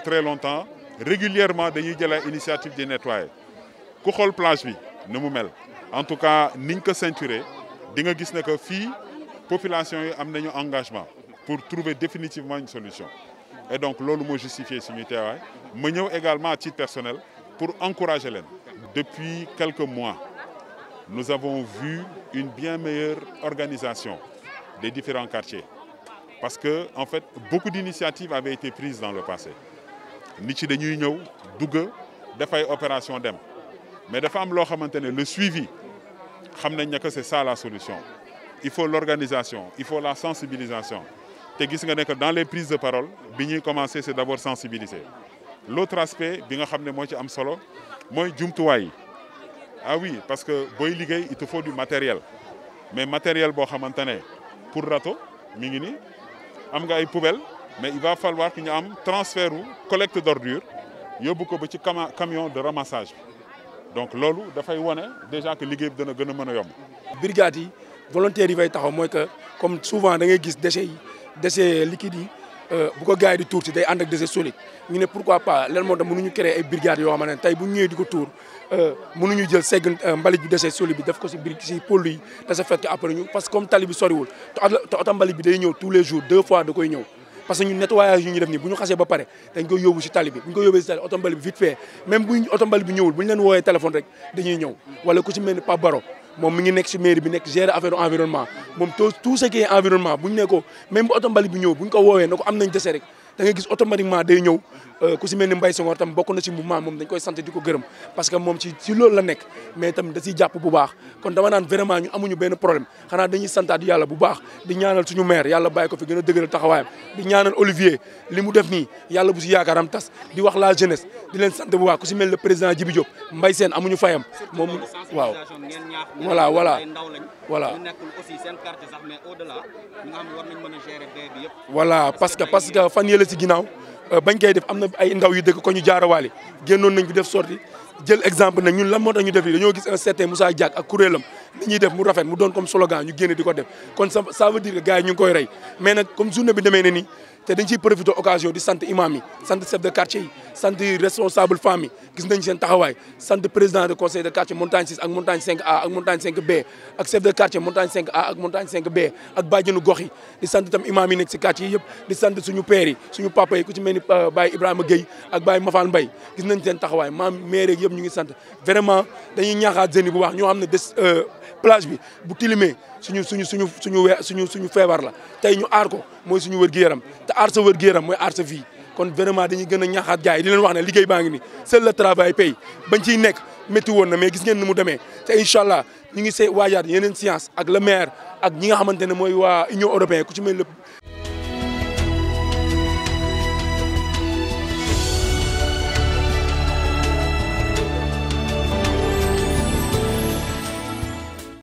très longtemps régulièrement dañuy jël eu initiative de nettoyer en tout cas nous, ko nous di nga gis que la population a engagement pour trouver définitivement une solution et donc nous moo justifié ce métier. Nous avons également à titre personnel pour encourager les depuis quelques mois nous avons vu une bien meilleure organisation des différents quartiers parce que en fait beaucoup d'initiatives avaient été prises dans le passé nous avons dañuy ñëw opérations. opération mais dafa am le suivi xam nañ que c'est ça la solution il faut l'organisation il faut la sensibilisation dans les prises de parole ce commencer c'est d'abord sensibiliser l'autre aspect c'est que nous ne fait ci am solo ah oui parce que pour liggéey il te faut du matériel mais le matériel pour le pour râteau il y a des poubelles mais il va falloir que ñu am transfert u collecte d'ordure yóbbu ko ba ci camion de ramassage bi donc loolu dafay wone déjà que liggéey bi dana gën a mën a yomb. brigades yi volontaires yi fay taxaw mooy que comme souvent da ngay gis déchets yi déchets liquides yi euh, bu ko gars yi di tuur si day ànd déchets solides ñu ne pourquoi pas leen moo tax mënuñu créer ay brigades yoo xamante ne tey bu ñu ñëwee di ko tuur euh, mënuñu jël segg euh, mbalit bi déchet solide bi def ko si biir si pôle yi de fait que après ñu parce que comme tali bi soriwul te oto mbalit bi day ñëw tous les jours deux fois da koy ñëw. parce que ñun nettoyage yu ñu def nii bu ñu xasee ba pare dañ koy yóbbu si tali bu ñu koy yóbbee si tali oto mbali bi vite bu oto mbali bi bu ñu leen woowee téléphone rek dañuy ñëw wala ku si moom mi nekk si mairie bi nekk gérer affaire environnement moom tout ce qui bu ñu ne ko bu oto mbali bi ñëw bu ñu ko woowee na ko am nañ dese rek da ngay gis automatiquement day ñëw euh, ku si mel ni Mbaye Senghor tam bokk na si mouvement moom dañ koy sant di ko gërëm parce que moom ci ci la nekk mais tam da siy jàpp bu baax kon dama naan vraiment amuñu benn problème xanaa dañuy santaat yàlla bu baax di ñaanal suñu maire yàlla bàyyi ko fi gën a taxawaayam di ñaanal Olivier li mu def nii yàlla bu si yaakaaram tas di wax la jeunesse di leen sant bu baax ku si mel le président Djibi si ginnaaw euh, bañ koy def am na ay ndaw yu dëkk ko ñu jaarawaale génnoon nañ ko def sorti jël exemple na ñun lan moo tax ñu def lii dañoo gis un certain Moussa Diack ak kuréelam li ñuy def mu rafet mu doon comme slogan ñu génne di ko def kon ça veut dire que gars yi ñu ngi koy rey mais nag comme journée bi demee ne nii te dañ ciy profité occasion di sant imam yi sant chef de quartier sant responsable femme gis nañ seen taxawaay sant président de conseil de quartier montagne 6 ak montagne 5A ak montagne 5B b di sant itam imam nekk si quartier yi di sant suñu père suñu papa ku ci mel ni euh, Baye Ibrahima ak Baye Mafane Mbaye gis nañ seen taxawaay maam maire yëpp ñu ngi sant vraiment dañuy ñaaxaat ñoo xam ne des euh, plage bi bu tilimee suñu suñu suñu suñu we suñu suñu feebar la tey ñu aar ko mooy suñu wér gi yaram te aar sa wér-gu-yaram mooy aar sa vie kon vraiment dañuy gën a ñaaxaat gars yi di leen wax ne liggéey baa ngi ni seul le travail paye bañ ciy nekk métti woon na mais gis ngeen ni mu demee te incha allah ñu ngi see waajaat yeneen science ak le maire ak ñi nga xamante ne mooy waa union européenne ku ci mel